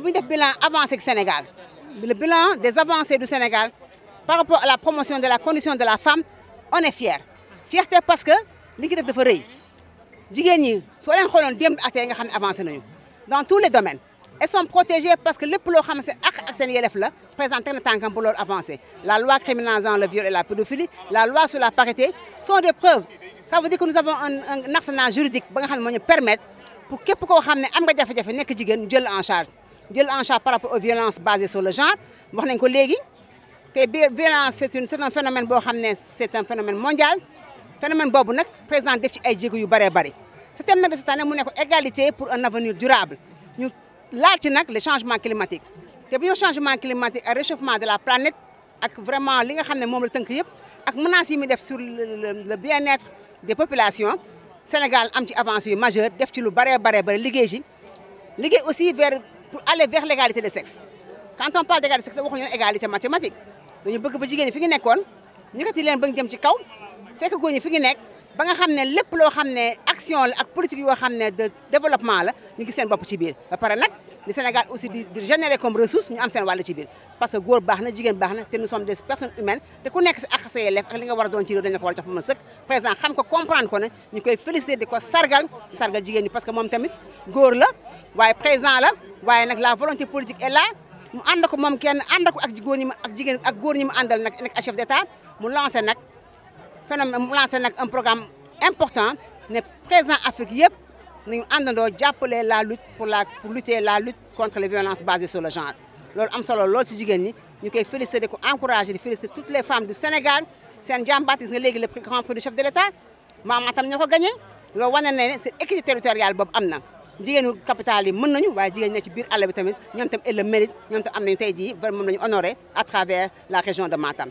du Sénégal le bilan des avancées du Sénégal par rapport à la promotion de la condition de la femme on est fier fierté parce que les ñu ko def dans tous les domaines elles sont protégées parce que les loo qui sont ak ak la loi criminalisant le viol et la pédophilie la loi sur la parité sont des preuves ça veut dire que nous avons un arsenal juridique qui nous permet pour que nous en charge jël en charge par rapport aux violences basées sur le genre wax nañ ko léegi violence c'est une c'est un phénomène bo xamné c'est un phénomène mondial phénomène bobu nak président def ci ay jéego yu bëree bëri c'est thème nag mu ne ko égalité pour un avenir durable ñu laal ci nak le changement climatique té bu ñu changement climatique ak réchauffement de la planète ak vraiment li nga xamné mom la tënk yépp ak menace yi def sur le bien-être des populations Sénégal am ci avancée yu majeure def ci lu bëree bëree bëri liggéey ji liggéey aussi vers pour aller vers l'égalité des sexes quand on parle d'égalité des sexes parle d'égalité mathématique donc si ba jigéen ñi fi ngi nekkoon yëkkati leen ba ci kaw fekk ba nga xamne lépp lo xamne action la ak politique yo xamne de développement la ñu ngi seen bop ci biir ba pare nak li Sénégal aussi di di générer comme ressource ñu am seen wal ci biir parce que góor baxna jigen baxna te nous sommes des personnes humaines te ku nekk ci ak sa yelleef ak li nga wara a doon ci rew dañ la ko wara jox mëna sëkk président xam ko comprendre ko ne ñu koy féliciter di ko sargal sargal jigen ñi parce que mom tamit góor la waye président la waye nak la volonté politique est là mu ànd ko moom kenn ànd ko ak jigen ñi ak jigen ak góor ñi mu àndal nak nekk chef d'état mu lancer nak phénomène lancé un programme important ne présent Afrique nous nañu àndandoo jàppale la lutte pour la pour lutter la lutte contre les violences basées sur le genre loolu am solo lool si jigéen ñi ñu féliciter ko encourager féliciter toutes les femmes du Sénégal C'est un gis nga léegi le grand prix du chef de l'État maam atam ñoo gagné loolu wane na c'est équité territoriale boobu am na jigéenu capital yi mën nañu waaye jigéen ñi ne ci biir àll bi tamit ñoom tam elle le mérite ñoom tam vraiment honoré à travers la région de Matam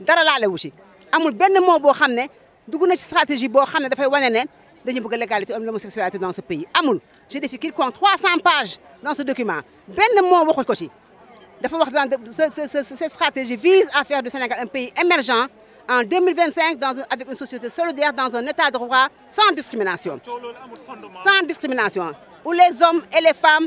dara laalewu a amul benn mot boo xam ne ci stratégie boo xam ne dafay wane dañu bëgg dans ce pays amul j'ai défié quiconque 300 pages dans ce document benn mot waxul ko ci dafa wax cette stratégie vise à faire du Sénégal un pays émergent en 2025 dans avec une société solidaire dans un état de droit sans discrimination sans discrimination où les hommes et les femmes